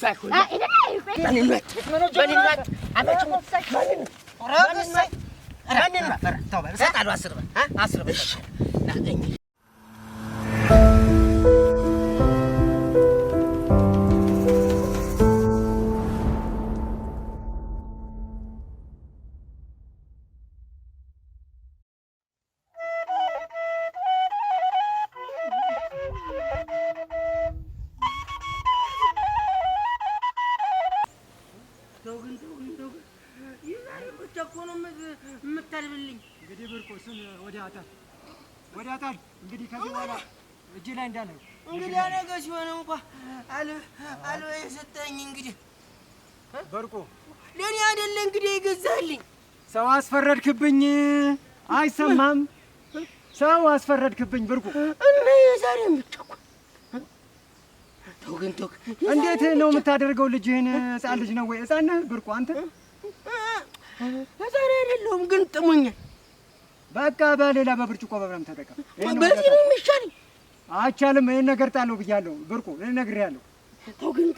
ሳይሆን ወዳታል። እንግዲህ ከዚህ በኋላ እጅ ላይ እንዳለ እንግዲህ ነገ ሲሆን እንኳ አለ የሰጠኝ እንግዲህ በርቆ ለእኔ አይደለ እንግዲህ ይገዛልኝ። ሰው አስፈረድክብኝ፣ አይሰማም። ሰው አስፈረድክብኝ ብርቁ እና የዛሬ የምትቸኩ ተው ግን እንዴት ነው የምታደርገው? ልጅህን ህፃን ልጅ ነው ወይ ህፃን ነህ ብርቁ አንተ? ህፃን አይደለሁም ግን ጥሞኛል በቃ በሌላ በብርጭቆ በብረም ተጠቀም። በዚህ ነው የሚሻለኝ። አይቻልም። ይሄን ነገር ጣለው ብያለሁ። ብርቁ እነግርሃለሁ።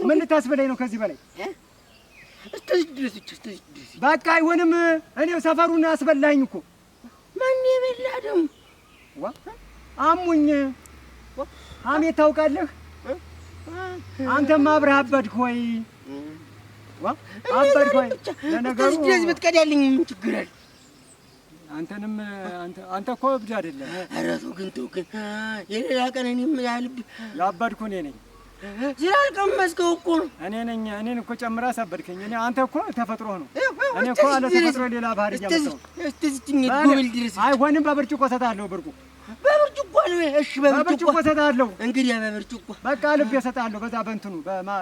ምን ልታስበላኝ ነው ከዚህ በላይ? በቃ አይሆንም። እኔው ሰፈሩን አስበላኝ እኮ ማን የበላ ደግሞ አሙኝ አሜ ታውቃለህ? አንተማ አብረህ አበድክ ወይ ዋ አበድክ ወይ። ለነገሩ ድረስ ብትቀዳልኝ ምን ችግር አለ? አንተንም አንተ እኮ እብድ አይደለም። ኧረ ተው ግን ተው ግን የሌላ ቀን እኔም ያልብ ያበድኩ እኔ ነኝ። ስላልቀመስከው እኮ ነው። እኔ ነኝ እኔን እኮ ጨምራ አሳበድከኝ። እኔ አንተ እኮ ተፈጥሮ ነው። እኔ እኮ አለ ተፈጥሮ ሌላ ባህሪ ያመጣው። አይሆንም። በብርጭቆ ሰጣለሁ ብርቁ በብርጭቆ ነው። እሺ በብርጭቆ እሰጥሀለሁ። እንግዲህ በብርጭቆ በቃ ልብ እሰጥሀለሁ። በዛ በእንትኑ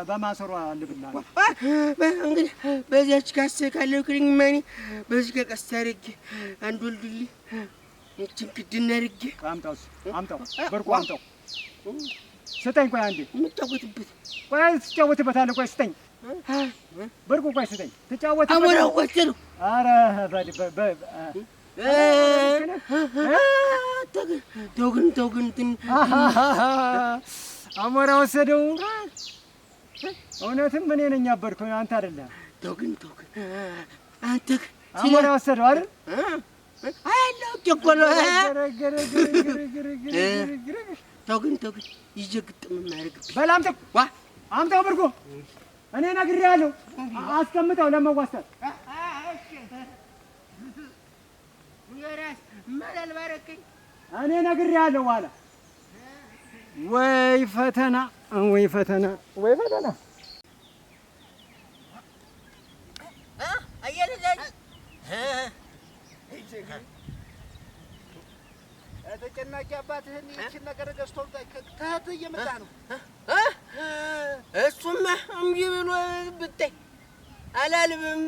በማሰሯ ልብላለሁ። እንግዲህ በዚያች ካሴ ካለው ክሪማኒ በዚህ ከቀስ አድርጌ አንድ ወልድል ይችን ክድና አድርጌ አምጣው፣ አምጣው፣ ብርቁ አምጣው፣ ስጠኝ። ቆይ አንዴ የምትጫወትበት ቆይ ትጫወትበታለህ። ቆይ ስጠኝ ብርቁ፣ ቆይ ስጠኝ፣ ትጫወትበት። አሞራው ቆይ ነው። ኧረ ተውግን ተውግን እንትን አሞራ ወሰደው። እውነትም እኔ ነኝ አበድኩ፣ አንተ አይደለም። ተውግን ተውግን አንተ አሞራ ወሰደው አይደል? አያለው ጀጎሎ ተውግን ተውግን ይዤ ግጥም የማያደርግ በል አምጣው ብርጎ እኔ ነግሬሃለሁ። አስቀምጠው ለመዋሰድ እኔ ነግሬሃለሁ። በኋላ ወይ ፈተና፣ ወይ ፈተና፣ ወይ ፈተና ተጨናቂ አባትህን ይህችን ነገር ገዝቶ ተህት እየመጣ ነው። እሱማ እምቢ ብሎ ብታይ አላልብም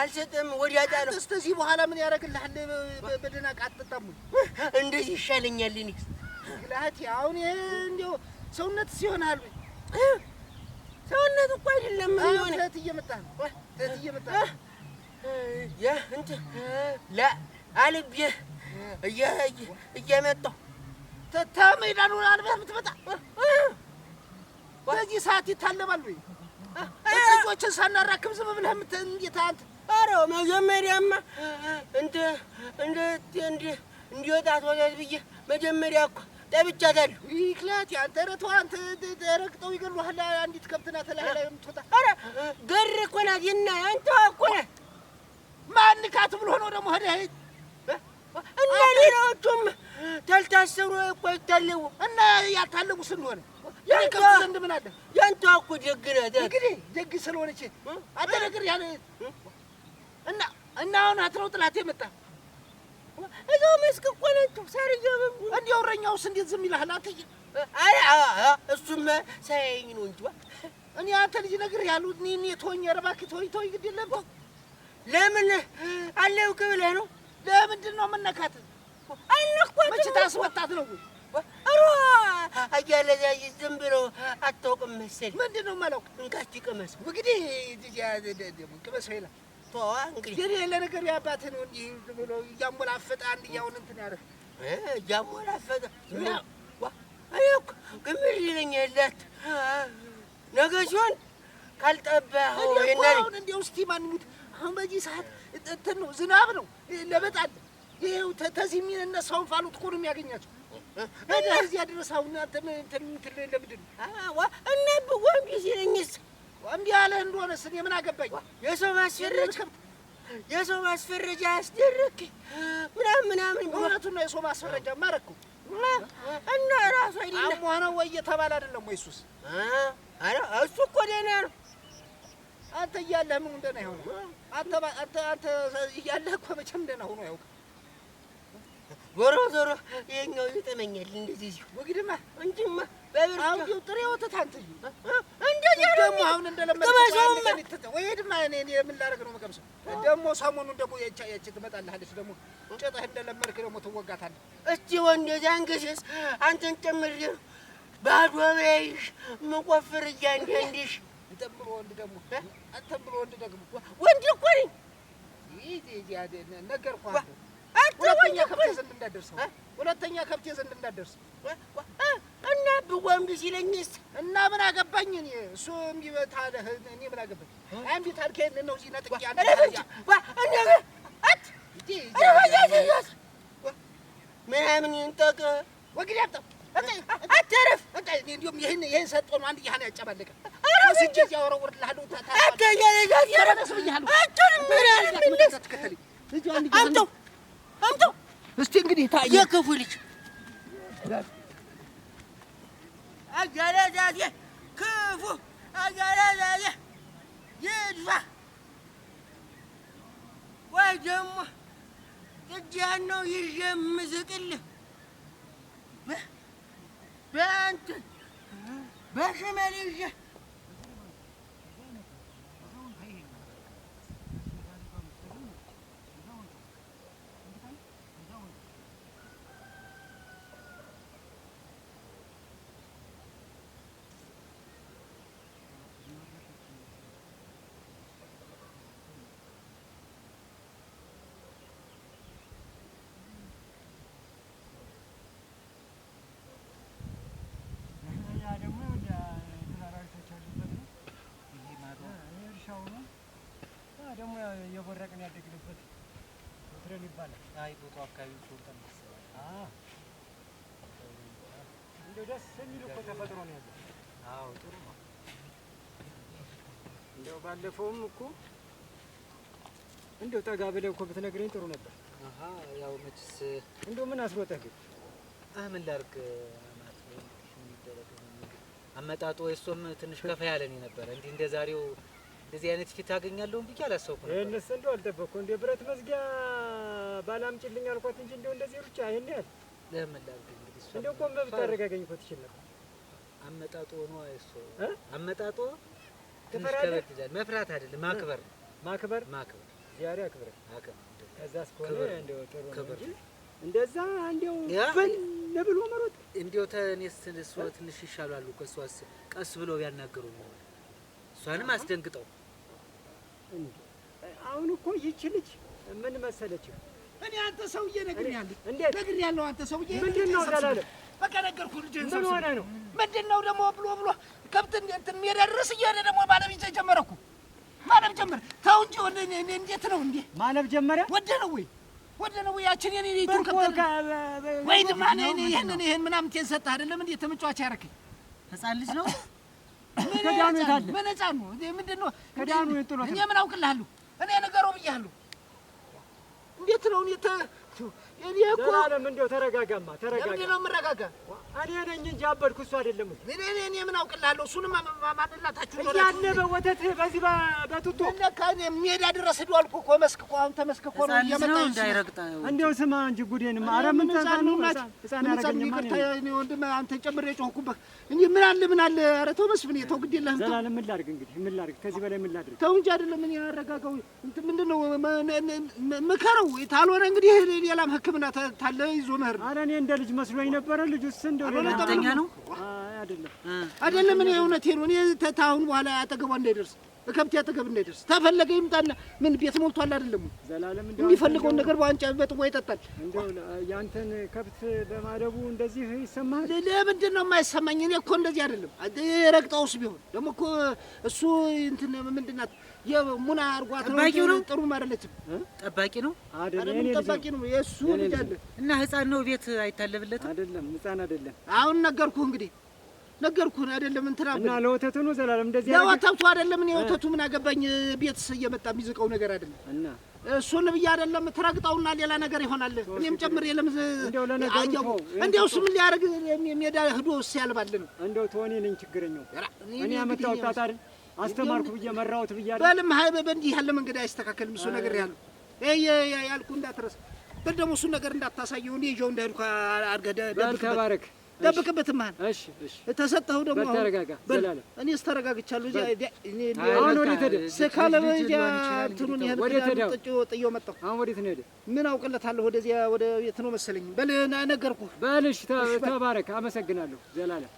አልሰጠም ወዲያ ጣ እስከዚህ በኋላ ምን ያደርግልሃል? በደህና ቃጥጣሙ እንደዚህ ይሻለኛል። እኔ ግላት አሁን እንዲያው ሰውነት ሲሆን አሉ ሰውነት እኮ አይደለም ሆነ ት እየመጣ ነው ት እየመጣ ያ እንትን ላ አልቤ እያ እየመጣሁ ተመዳኑ አልበህ የምትመጣ በዚህ ሰዓት ይታለባል ወይ ልጆችን ሳናራክም ዝም ብለህ እንዴት አንተ ኧረ መጀመሪያማ እንደ እንደ እንደ እንዲወጣ ወለድ ብዬ መጀመሪያ እኮ ጠብቻታለሁ። ይክላት ያንተ ረቶ አንተ ረግጠው ይገሉሃል። አንዲት ከብትና ተላይ ላይ የምትወጣ ኧረ ገር እኮ ናት። ይና አንተ እኮ ማን ካት ብሎ ነው ደግሞ ሄደ እና ሌላዎቹም ተልታሰሩ እኮ ይታለቡ እና ያታለቡ ስንሆነ ዘንድ ያንተ እኮ ደግ ነህ። እንግዲህ ደግ ስለሆነች አንተ ነገር ያለ እና እና አሁን አትለው ጥላት የመጣ እዛው መስክ እኮ ነች። ሳርየብም እንዲያው እረኛውስ እንዴት ዝም ይልሃል? አትይ አይ እሱም ሳያየኝ ነው እንጂ እኔ አንተ ልጅ ነገር ያሉ እኔ ተወኝ፣ ኧረ እባክህ ተወኝ፣ ግድ የለብህ ለምን አለው ቅብለህ ነው ለምንድን ነው መነካት? አልነኳት መች ታስወጣት ነው አያለ ዝም ብሎ አታውቅም መሰለኝ። ምንድን ነው የማላውቅ? እንካች ቅመስ እንግዲህ ቅመስ ይላል። የለ ነገር ነው እንዲህ ብሎ እያሞላፈጠ አንድ እያሁን እንትን ያደርግ እያሞላፈጠ ግምር ነገ ሲሆን አሁን በዚህ ሰዓት እንትን ነው ዝናብ ነው ለበጣል። ተዚህ የሚያገኛቸው እዚህ ድረስ አሁን እንትን እንትን ላይ ለምንድን እና ብወም ጊዜ ነኝስ እምቢ አለህ እንደሆነስ እኔ አገባኝ? የሰው ማስፈረጃ የሰው ማስፈረጃ ያስደረክ ምናምን ምናምን እውነቱን ነው። የሰው ማስፈረጃ ማረኩ እና ራሱ አይደለም አሞህ ነው ወይ እየተባለ አይደለም ወይ እሱስ አረ እሱ እኮ ደህና ነው። አንተ እያለህ ምኑ ደህና ይሆናል? አንተ አንተ አንተ እያለህ እኮ መቼም ደህና ሆኖ ያውቅ ዞሮ ዞሮ ይኸኛው ይጠመኛል። እንደዚህ እዚሁ ወግድማ እንጂማ በብርቱ ጥሬ ወተት አንተ እንደዚህ ደግሞ አሁን እንደለመድኩት ወይ ድማ እኔ የምን ላደርግ ነው የምቀምሰው? ደግሞ ሰሞኑን ደግሞ የቻ የች ትመጣልሃለች ደግሞ ጭጠህ እንደለመድክ ደግሞ ትወጋታለህ። እስቲ ወንደዚያ እንግስስ አንተን ጨምሬ ባዶ በይሽ የምቆፍር እያንዳንድሽ እንትን ወንድ ደግሞ እንትን ብሎ ወንድ ደግሞ ወንድ እኮ ነኝ ነገርኩህ። ሁለተኛ ከብቴ ዘንድ እንዳደርሰው እና ብወንዱ ሲለኝስ እና ምን አገባኝ? እኔ እሱ እምቢታ አለህ፣ እኔ ምን አገባኝ? እምቢታ አልከኝ ነው እዚህ ነጥቄ ምናምን ይንጠቅ ወግዲ አጠፍ አትረፍ። እንዲሁም ይህን ይህን ሰጠው ነው አንድ ያህን ያጨባለቀ ስጅ ያወረውርልሃለሁ ታታ አገያ ያያ አምጣው እስቲ እንግዲህ ታየ የክፉ ልጅ አገረዛዜ ክፉ አገረዛዜ ይድፋ ወይ ደግሞ ጥጃን ነው ይዤ የምዝቅልህ በእንትን በሽመል ይዤ ደግሞ የቦረቅን ያደግንበት ወትረን ይባላል። አይ ቦታው አካባቢ ሾርጠን ይሰራል። እንደው ደስ የሚል እኮ ተፈጥሮ ነው ያለው። አዎ ጥሩ ነው። እንደው ባለፈውም እኮ እንደው ጠጋ ብለህ እኮ ብትነግረኝ ጥሩ ነበር። አሀ ያው መችስ እንደው ምን አስሮጠህ ግን? አህ ምን ላድርግ ማለት ነው አመጣጡ፣ እሱም ትንሽ ከፋ ያለን ነበረ እንዲህ እንደ ዛሬው እንደዚህ አይነት ፊት አገኛለሁ ብዬ አላሰብኩ ነበር። እነሱ እንደው አልጠበቅኩ። እንደ ብረት መዝጊያ ባላምጪልኝ አልኳት እንጂ እንደው እንደዚህ ሩጫ ይህን ያህል ለምን ላድርግ እንግዲህ። እንደው ቆም ብታረጋገኝ እኮ ትችል ነበር። አመጣጦ ነው እሱ አመጣጦ። ትፈራለህ? መፍራት አይደለም ማክበር ነው። ማክበር ማክበር ዛሬ አክብረ አክብረ ከዛ እስከሆነ እንደው ጥሩ ነው እንጂ እንደዛ እንደው ፈን ብሎ መሮጥ እንደው ተኔስ እሱ ትንሽ ይሻላሉ። ከሷስ ቀስ ብሎ ያናገሩ ነው እሷንም አስደንግጠው አሁን እኮ ይች ልጅ ምን መሰለች? እኔ አንተ ሰውዬ ነግሬሃለሁ። እንዴት ነግሬሃለሁ? አንተ ሰውዬ ምንድን ነው ዘላለም? በቃ ነገርኩህ። ልጅ ምን ሆነ ነው? ምንድን ነው ደግሞ ብሎ ብሎ ከብት እንትን ሜዳ እየሄደ ደግሞ ማለብ ጀመረ እኮ ማለብ ጀመረ። ተው እንጂ እንዴት ነው እንዴ? ማለብ ጀመረ። ወደህ ነው ወይ ወደህ ነው ወይ? ያችን የኔ ቱን ከብት ወይ ድማ ይህንን ይህን ምናምን ቴን ሰጠህ አይደለም እንዴ? ተመጫዋች ያረከኝ ህፃን ልጅ ነው ከዳኑ የታለ? በነፃ ነው። ምንድን ነው ከዳኑ የጥሎት? እኔ ምን አውቅልሃለሁ? እኔ ነገሩ ብያለሁ። እንዴት ነው እኔ እኔ እኮ ዘላለም፣ እንደው ተረጋጋማ፣ ተረጋጋ። ምንድን ነው የምረጋጋ? እኔ ነኝ እንጂ አበድኩ፣ እሱ አይደለም። ምን እኔ እኔ ምን አውቅላለሁ? ማመላታችሁ ነው። በዚህ በቱቶ ሜዳ ድረስ ሄዷልኩ እኮ መስክ እኮ አሁን ነው እንደው ስማ እንጂ ምን ተዛኑናት ህፃን ያረገኝ ወንድም አንተ እንጂ ምን አለ ምን አለ? ኧረ ተው መስፍን፣ ተው ግድ የለህም ዘላለም። ምን ላድርግ እንግዲህ ምን ላድርግ? ከዚህ በላይ ምን ላድርግ? ተው እንጂ አይደለም እንትን ምንድን ነው ምከረው። ታልሆነ እንግዲህ ሌላም ህክምና ታለ ይዞ ኧረ እኔ እንደ ልጅ መስሎኝ ነበረ ሁለተኛ ነው አይደለም። እኔ እውነቴን ነው። እኔ በኋላ አጠገቧ እንዳይደርስ ከብቴ አጠገብ እንዳይደርስ ተፈለገ ይምጣና ምን ቤት ሞልቷል። አይደለም የሚፈልገውን ነገር በዋንጫ በጥቦ ይጠጣል። ያንተን ከብት በማደቡ እንደዚህ ይሰማል። ለምንድን ነው የማይሰማኝ? እኔ እኮ እንደዚህ አይደለም። ረግጠውስ ቢሆን ደግሞ እኮ እሱ እንትን ምንድን ናት የሙና አድርጓት ነው። ጠባቂው ነው። ጥሩ አይደለችም። ጠባቂ ነው አይደለም፣ ጠባቂ ነው። የእሱ ልጅ አለ እና ህፃን ነው። ቤት አይታለብለትም። አይደለም፣ ህፃን አይደለም። አሁን ነገርኩህ እንግዲህ ነገርኩህ አይደለም። እንትና እና ለወተቱ ነው ዘላለም እንደዚህ ያለ ለወተቱ አይደለም። እኔ ወተቱ ምን አገባኝ? ቤት እየመጣ የሚዝቀው ነገር አይደለም። እና እሱን ብዬ አይደለም። ትረግጠውና ሌላ ነገር ይሆናል። እኔም ጨምር የለም። እንደው ለነገሩ እንደው እሱ ምን ሊያደርግ ሜዳ ህዶ ሲያልባልን። እንደው ተወኔ ነኝ ችግረኛው እኔ አመጣው ታታሪ አስተማርኩ ብዬ መራሁት ብያለሁ። በልም ሀይበ በእንዲህ ያለ መንገድ አይስተካከልም። እሱ ነገር ያሉ ያልኩ እንዳትረስ በል ደግሞ እሱን ነገር እንዳታሳየው። እኔ ይዤው እንዳይልኩ አድርገህ ደብቅበት፣ ደብቅበት መሀል ተሰጠኸው። ደግሞ እኔ እስተረጋግቻለሁ። ስካለ እንትኑን ያህል ጥዬው መጣሁ። ምን አውቅለታለሁ? ወደዚያ ወደ የት ነው መሰለኝ። በል ነገርኩህ። በል እሺ፣ ተባረክ። አመሰግናለሁ ዘላለም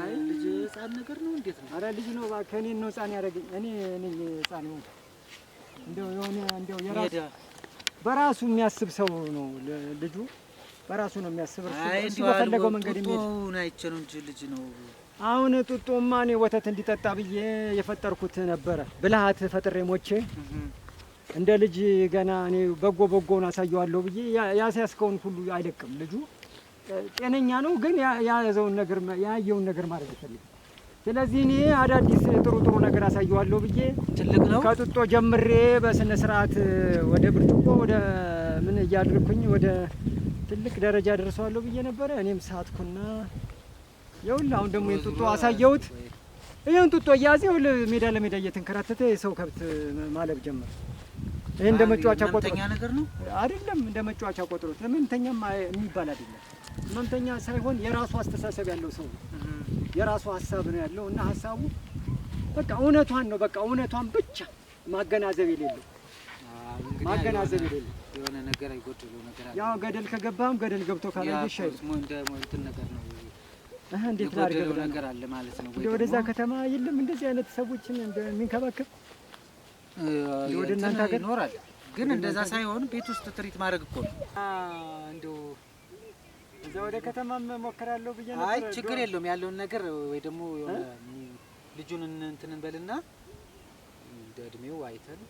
አይ ልጅ ህፃን ነገር ነው። እንዴት ነው? ኧረ ልጅ ነው እባክህ። እኔን ነው ህፃን ያደረገኝ። እኔ ነኝ ህፃን ነው። እንደው የሆነ እንደው የራሱ በራሱ የሚያስብ ሰው ነው ልጁ። በራሱ ነው የሚያስብ። እሱ በፈለገው መንገድ የሚሄድ አይቼ ነው እንጂ ልጅ ነው። አሁን ጡጦማ እኔ ወተት እንዲጠጣ ብዬ የፈጠርኩት ነበረ ብልሃት ፈጥሬ ሞቼ እንደ ልጅ ገና እኔ በጎ በጎውን አሳየዋለሁ ብዬ ያስያዝከውን ሁሉ አይለቅም ልጁ ጤነኛ ነው፣ ግን ያዘውን ነገር ያየውን ነገር ማድረግ ይፈልጋል። ስለዚህ እኔ አዳዲስ ጥሩ ጥሩ ነገር አሳየዋለሁ ብዬ ትልቅ ነው ከጡጦ ጀምሬ በስነ ስርዓት ወደ ብርጭቆ ወደ ምን እያድርኩኝ ወደ ትልቅ ደረጃ ደርሰዋለሁ ብዬ ነበረ። እኔም ሳትኩና ይኸውልህ አሁን ደግሞ ይህን ጡጦ አሳየሁት። ይህን ጡጦ እያያዘ ይኸውልህ ሜዳ ለሜዳ እየተንከራተተ የሰው ከብት ማለብ ጀመር። ይህ እንደ መጫወቻ ቆጥሮት አይደለም፣ እንደ መጫወቻ ቆጥሮት ለምንተኛም የሚባል አይደለም። ህመምተኛ ሳይሆን የራሱ አስተሳሰብ ያለው ሰው ነው። የራሱ ሀሳብ ነው ያለው እና ሀሳቡ በቃ እውነቷን ነው በቃ እውነቷን ብቻ ማገናዘብ የሌለው ማገናዘብ የሌለው የሆነ ነገር አይጎድለው ነገር አለ። ያው ገደል ከገባም ገደል ገብቶ ካላየሽ ነው እንደ እንትን ነገር ነው። አህ እንዴት ላድርገው ነገር አለ ማለት ነው። ወይ ወደዛ ከተማ የለም እንደዚህ አይነት ሰዎችን እንደሚንከባከብ ወደ እናንተ ሀገር ይኖራል። ግን እንደዛ ሳይሆን ቤት ውስጥ ትሪት ማድረግ እኮ ነው እንደው እዛ ወደ ከተማም ሞከራለሁ ብዬ ነበር። አይ ችግር የለውም ያለውን ነገር ወይ ደግሞ ልጁን እንትን እንበልና እንደ እድሜው አይተን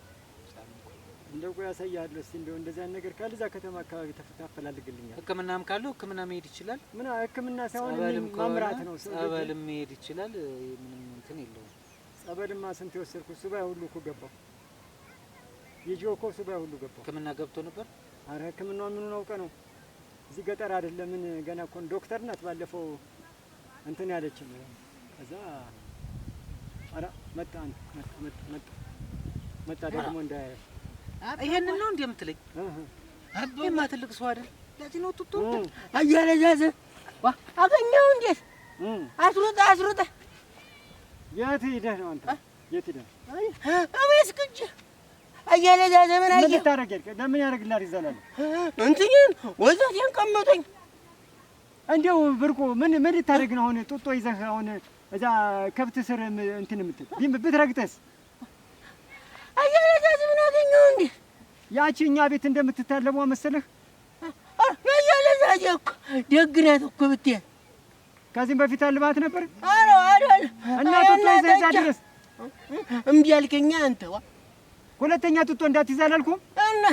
እንደው ቆይ አሳያለሁ። እስቲ እንደው እንደዚያ ነገር ካለ እዛ ከተማ አካባቢ ታፈላልግልኛል። ሕክምናም ካለው ሕክምና መሄድ ይችላል። ምን ሕክምና ሳይሆን መምራት ነው። ጸበልም መሄድ ይችላል። ምንም እንትን የለውም። ጸበልማ ስንት የወሰድኩት ሱባኤ ሁሉ እኮ ገባሁ። የጆኮ ሱባኤ ሁሉ ገባሁ። ሕክምና ገብቶ ነበር። አረ ሕክምናው ምኑን አውቀ ነው እዚህ ገጠር አይደለም ምን ገና እኮ ዶክተር ናት ባለፈው እንትን ያለችን ከዛ ኧረ መጣ መጣ መጣ ደግሞ እንደ ይሄንን ነው እንዴ የምትለኝ? ይሄማ ትልቅ ሰው አይደል? ለዚህ ነው ቱቱ አያለ ዋ አገኘው እንዴት አስሮጠ አስሮጠ የት ሂደህ ነው አንተ? የት ሂደህ አይ አቤት ግጅ አያለዛ ዘመን አየ ምን ታረገል? ለምን ያደርግላል? ይዘላል እንትኝን ወዛቴን ቀመጠኝ። እንዴው ብርቁ ምን ምን ልታደርግ ነው? አሁን ጡጦ ይዘህ አሁን እዛ ከብት ስር እንትን የምትል ቢም ብትረግጠስ? አያለዛ ዘመን አገኘሁ እንዴ ያቺ እኛ ቤት እንደምትታለሟ መሰለህ? አያለዛ እኮ ደግ ናት እኮ ብትይ ከዚህም በፊት አልባት ነበር። አረ አይደል እና ጡጦ ይዘህ እዛ ድረስ እምቢ አልከኛ አንተ ሁለተኛ ጡጦ እንዳትይዝ አላልኩም? እና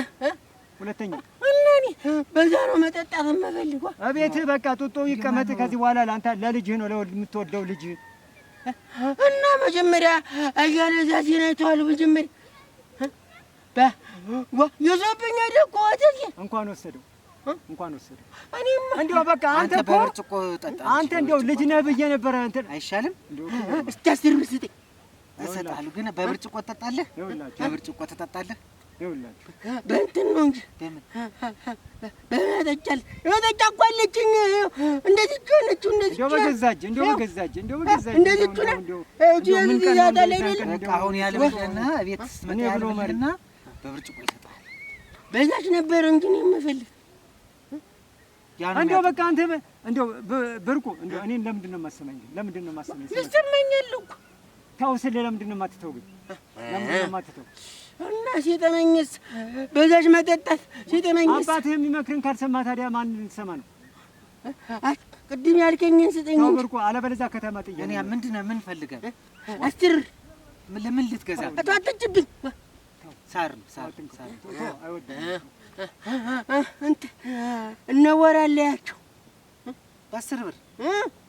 ሁለተኛ እና እኔ በዛ ነው መጠጣት የምፈልጓ እቤት በቃ ጡጦ ይቀመጥ። ከዚህ በኋላ ለአንተ ለልጅህ ነው ለወልድ የምትወደው ልጅ እና መጀመሪያ እያለ እዛ ዜና የተዋሉ መጀመሪያ ይዞብኝ አይደል እኮ ወተት እንኳን ወሰደው እንኳን ወሰደው። እኔማ እንደው በቃ አንተ እኮ አንተ እንደው ልጅ ነህ ብዬ ነበረ እንትን አይሻልም? እስቲ አስር ብር ስጠኝ እሰጥሀለሁ። ግን በብርጭቆ ትጠጣለህ፣ በብርጭቆ ትጠጣለህ። በእንትን ነው እንጂ በመጠጫል መጠጫ እኮ አለችኝ። እንደዚህ ሆነችው፣ እንደዚህ በገዛች፣ እንደው በገዛች፣ እንደው በገዛች፣ እንደዚህ ሆነ። በብርጭቆ ይሰጥሀል። በዛች ነበረ እንጂ እኔ የምፈልግ እንደው በቃ አንተ እንደው ብርቁ እንደው እኔን ለምንድን ነው የማሰማኝ? ለምንድን ነው የማሰማኝ? ልሰማኛል እኮ ተው ስልህ ለምንድን ነው የማትተው? ግን ለምንድን ነው የማትተው? እና ሲጠመኝስ በዛሽ መጠጣት ሲጠመኝስ፣ አባትህ የሚመክርን ካልሰማ ታዲያ ማን ልትሰማ ነው? ቅድም ያልከኝን ስጠኝ እንጂ ብርቁ፣ አለበለዚያ ከተማ ጥዬ እኔ ምንድን ነው ምን ፈልገህ አስር ለምን ልትገዛ አትጭብኝ። ሳር ሳር ሳር እንትን እነወራለያቸው በአስር ብር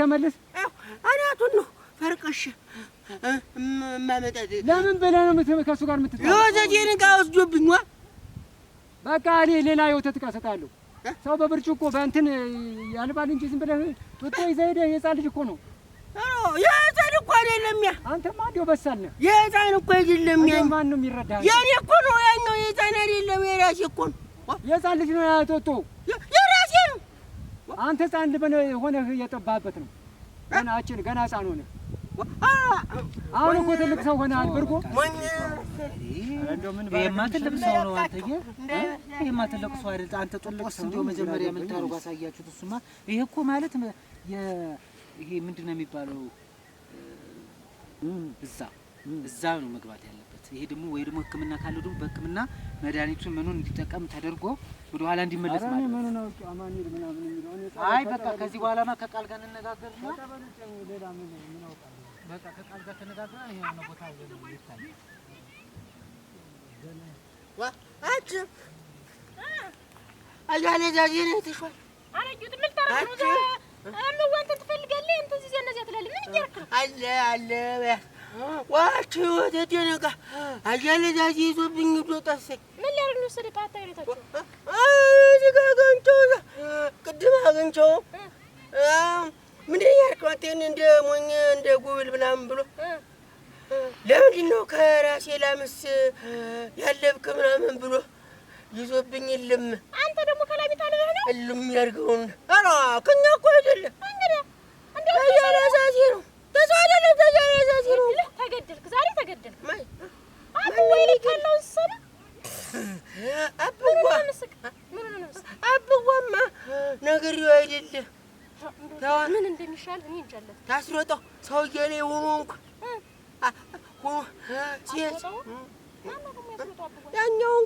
ተመለስ። አናቱን ነው ፈርቀሽ እማመጣት ለምን ብለህ ነው ከእሱ ጋር የምትጣ? ዕቃ ወስዶብኝ። በቃ እኔ ሌላ የወተት ዕቃ እሰጥሃለሁ። ሰው በብርጭቆ በእንትን ያልባል እንጂ ዝም ብለህ ጡጦ ይዘህ ሄደህ የሕፃን ልጅ እኮ ነው የህፃን እኮ አይደለም። ያ አንተማ እንደው በሳል ነህ። የህፃን እኮ አይደለም። ያ ማነው የሚረዳህ? የኔ እኮ ነው ያኛው። የህፃን አይደለም፣ የራሴ እኮ ነው። የህፃን ልጅ ነው ያቶቶ፣ የራሴ ነው። አንተ ህፃን ሆነህ የጠባህበት ነው። ገና አችን ገና ህፃን ሆነ አሁን እኮ ትልቅ ሰው ሆነሃል። ብርጎ ይሄማ ትልቅ ሰው ነው። አንተዬ ይሄማ ትልቅ ሰው አይደል? አንተ ጥልቅ ሰው መጀመሪያ የምታደርጉ አሳያችሁት። እሱማ ይሄ እኮ ማለት ይሄ ምንድን ነው የሚባለው? እዛ እዛ ነው መግባት ያለበት። ይሄ ደግሞ ወይ ደግሞ ሕክምና ካለው ደግሞ በሕክምና መድኃኒቱን ምኑን እንዲጠቀም ተደርጎ ወደ ኋላ እንዲመለስ ማለት ነው። አይ በቃ ከዚህ ማ ከቃል ጋር እንነጋገርና በቃ ከቃል ጋር ተነጋግረን ይሄ ነው ቦታ ይታያል። አጅብ አያሌ ዛዜ ነው የተሿል አረጁት ምን ታረጉ አንተ ትፈልጋለህ? አንተ እዚህ እነዚያ ትላለህ። ምን እያደረክ ነው? አለ አለ ዋች ወተት የነቃ አያለ ይዞብኝ ምን ሊያደርግ ነው? አይነታቸው እዚህ ጋር አግኝቼው ቅድም አግኝቼው ምንድን እንደ ሞኝ እንደ ጉብል ምናምን ብሎ ለምንድን ነው ከራሴ ላምስ ያለብክ ምናምን ብሎ ይዞብኝ ልም አንተ ደግሞ ከላሚት አለህ ነው እልም ያድርገውን። ኧረ ከእኛ እኮ አይደለም እንግዲህ ተያዛዚ ነው ተዛ አይደለም ተያዛዚ ነው። ተገደልክ፣ ዛሬ ተገደልክ። ማይ አቡ ወይ ካለው ሰለ አቡዋ አቡዋማ ነግሬው አይደለ ምን እንደሚሻል እኔ እንጃ። ታስሮጠው ሰውዬ ላይ ሆኖንኩ ያኛው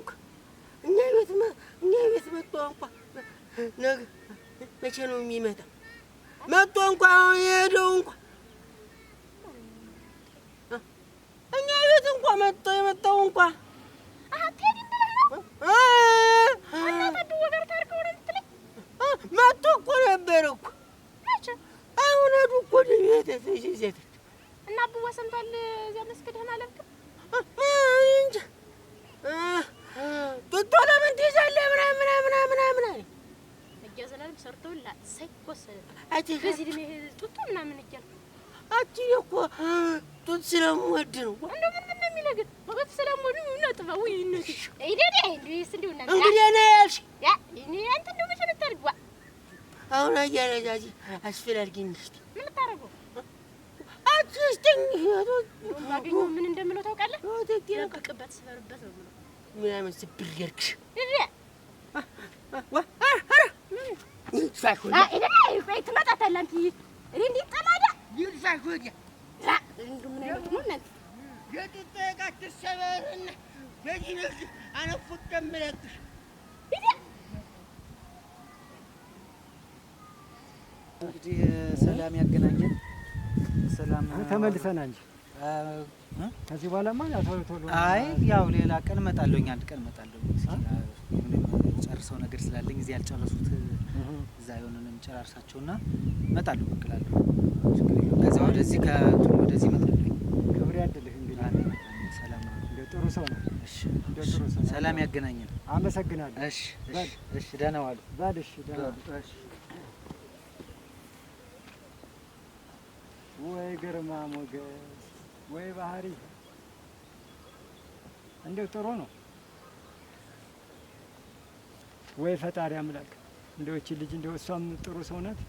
መጥቶ እንኳ ነገ መቼ ነው የሚመጣ? መጥቶ እንኳ አሁን የሄደው እንኳ እኛ ቤት እንኳ መጥቶ የመጣው እንኳ መጥቶ እኮ ነበር እኮ አሁን ሄዱ እኮ ቤት ሴት እና አብዋ ሰምቷል። እዚያ መስክድህን አለብክም እንጃ ጡጦ ምን ትይዛለህ? ምናምን ምናምን ምናምን እያዘላለም በዚህ ምናምን እኮ ጡት ስለምወድ ነው። ምን ምን ነው የሚለግን ስለምወድ ነው። ጥፋ ውይ እነሱ ይደደ እንዴስ እንደው እና እንግዲህ እኔ ያልሽ ያ እኔ አንተ እንደው መቼ ልታደርግ አሁን ምን ምን እንደምለው ታውቃለህ? ተቅበት ስበርበት ነው ምን አይነት ስብር ያርክሽ እንግዲህ ሰላም ያገናኘን። ሰላም ተመልሰና እንጂ ከዚህ በኋላማ አይ ያው ሌላ ቀን እመጣለሁኝ፣ አንድ ቀን እመጣለሁ። ጨርሰው ነገር ስላለኝ እዚህ ያልጨረሱት እዛ የሆነንም ጨራርሳቸውና እመጣለሁ። በቅላለሁ ከዛ ወደዚህ ከቱን ወደዚህ እመጣለሁ። ክብር ያድልህ። ጥሩ ሰው ነው። እሺ ሰው ሰላም ያገናኘን። አመሰግናለሁ። እሺ፣ እሺ፣ እሺ። ደህና ዋሉ። በል እሺ፣ ደህና ዋሉ። እሺ። ወይ ግርማ ሞገስ ወይ ባህሪ እንደው ጥሩ ነው። ወይ ፈጣሪ አምላክ እንደው እቺ ልጅ እንደው እሷም ጥሩ ሰው ናት።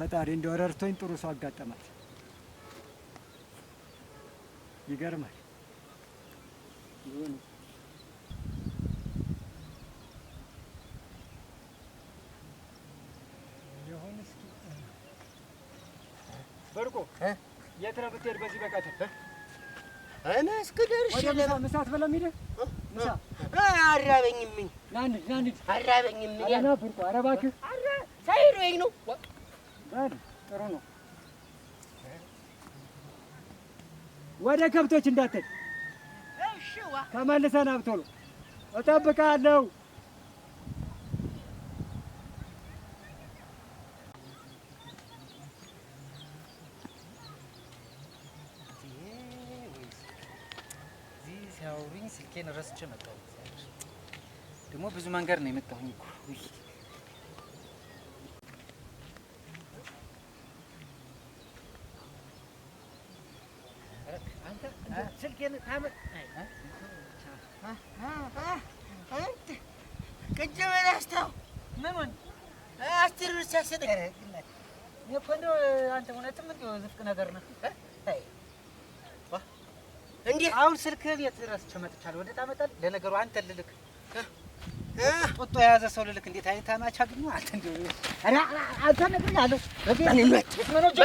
ፈጣሪ እንደው ረድቶኝ ጥሩ ሰው አጋጠማት። ይገርማል። የት ነው ብትሄድ? በዚህ በቀትር እኔ እስክ ደርሼ ምሳ አትበላም? ሂደህ ወደ ከብቶች እንዳትሄድ ከመልሰን አብቶሎ እጠብቅሃለሁ። ስልኬን ረስቼ መጣሁ። ደግሞ ብዙ መንገድ ነው የመጣሁኝ እኮ አንተ እውነትም ዝፍቅ ነገር ነው። አሁን ስልክህን የት ረስቼ መጥቻለሁ? ወደ ታመጣል። ለነገሩ አንተ ልልክ ጦጦ የያዘ ሰው ልልክ። እንዴት አይነት አማች አግኙ አንተ እንደው አንተ ነገር ያለው